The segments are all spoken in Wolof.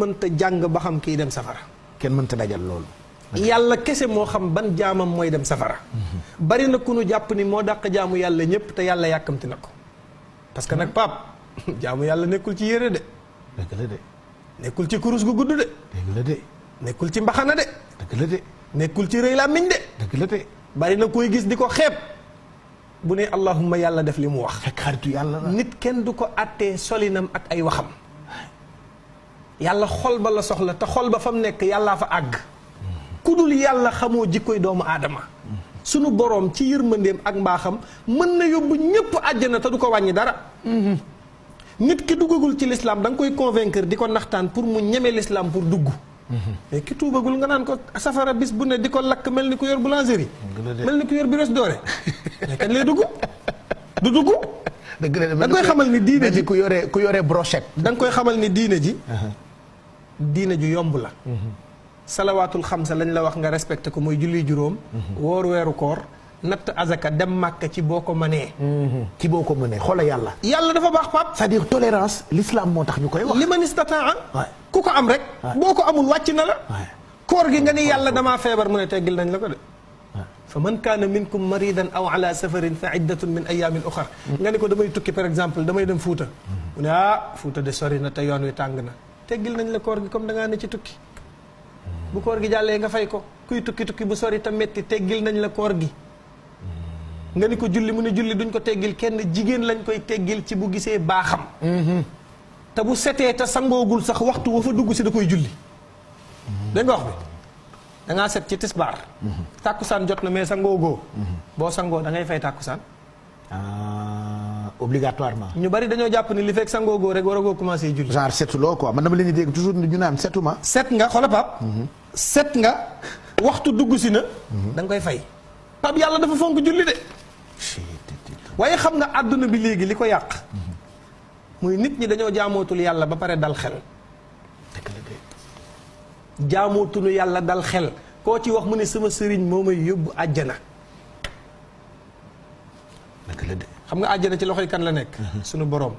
mënta jàng ba xam kiy dem safara kenn mënta dajal loolu yàlla kese moo xam ban jaamam mooy dem safara mhm. bari na ku nu jàpp ni moo dàq jaamu yàlla ñëpp te yàlla yàkkamti na ko parce que nag mhm. pap jaamu yàlla nekkul ci yére de nekkul ci kurus gu gudd de nekkul ci mbaxana de dëgg nekkul ci rëy làmmiñ de dëgg la de bari na koy gis di ko xeeb bu ne allahumma yàlla def li mu wax fekk yàlla nit kenn du ko àttee solinam ak ay waxam yàlla xol ba la soxla te xol ba fa mu nekk yàllaa fa àgg ku dul yàlla xamoo jikkoy doomu aadama sunu boroom ci yërmandeem ak mbaaxam mën na yóbbu ñépp àjjana te du ko wàññi dara nit ki duggagul ci lislaam da nga koy convaincre di ko naxtaan pour mu ñeme lislaam pour dugg mais ki tuubagul nga naan ko safara bis bu ne di ko lakk mel ni ku yor boulangerie mel ni ku yor bi Dorée mais kañ lay dugg du dugg koy xamal ni diine ji ku yore ku yore brochette da koy xamal ni diine ji uh-huh. diina ju yomb la salawatul khamsa lañ la wax nga respecté ko moy julli juróom wor wéru koor nat azaka dem makka ci boko mané ci boko mané xol xoola yàlla yàlla dafa bax pap cest tolérance l'islam motax ñukoy wax liman man istataa ku ko am rek boko amul wàcc na la koor gi nga ni yàlla dama febar mu ne teggil nañ la ko de fa man kaana minkum maridan aw ala safarin fa iddatun min ayamin uxar توكي بار اكزامبل damay دم فوتا ونا فوتا دي fuuta mu ne ah fuuta teggil nañ la koor gi comme da ngaa ne ci tukki bu koor gi jàllee nga fay ko kuy tukki tukki bu sori te metti teggil nañ la koor gi nga ni ko julli mu ne julli duñ ko teggil kenn jigéen lañ koy teggil ci bu gisee baaxam mm-hmm. te bu setee te sangoogul sax waxtu wa fa dugg si da koy julli dégg nga bi da set ci tisbaar mm-hmm. tàkkusaan jot na mais sangoogoo mm-hmm. boo sangoo da ngay fay tàkkusaan ah. obligatoirement. ñu bari dañoo jàpp ni li fekk sangoo góor rek war a goo commencé julli. genre setuloo quoi man dama leen di dégg toujours ñu naan setuma. set nga xoolal pap mhm. set nga waxtu dugg si na. Mhm. danga koy fay. pap yàlla dafa fonk julli de. waaye xam nga àdduna bi léegi li ko yàq. Mhm. muy nit ñi dañoo jaamootul yàlla ba pare dal xel. jaamootuñu yàlla dal xel koo ci wax mu ne sama sëriñ moo may yóbbu àjjana. xam nga àjjana ci loxoy kan la nekk. sunu borom.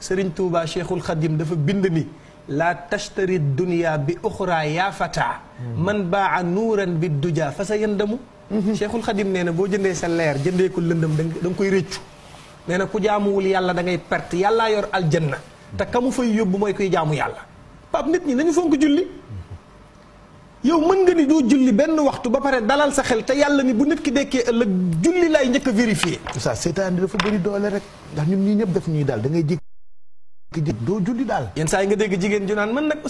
Serigne Touba Cheikhul Khadim dafa bind ni. laa tashtari dunya bi uxra yaa fata man baa nuuran bi dujaa fa sa yëndamu. Cheikhul Khadim nee na boo jëndee sa leer jëndee ko lëndëm da koy réccu. nee na ku jaamuwul yàlla da ngay perte yàlla yor aljanna. te ka mu fay yóbbu mooy kuy jaamu yàlla. Pape nit ñi nañu fonk julli. yow mën nga ni doo julli benn waxtu ba pare dalal sa xel te yàlla ni bu nit ki dekkee ëllëg julli laay njëkk a vérifié. ça seetaan dafa bëri doole rek ndax ñu ñii ñëpp def ñuy daal dangay ngay jékki doo julli daal. yenn saa yi nga dégg jigéen ju naan man nag.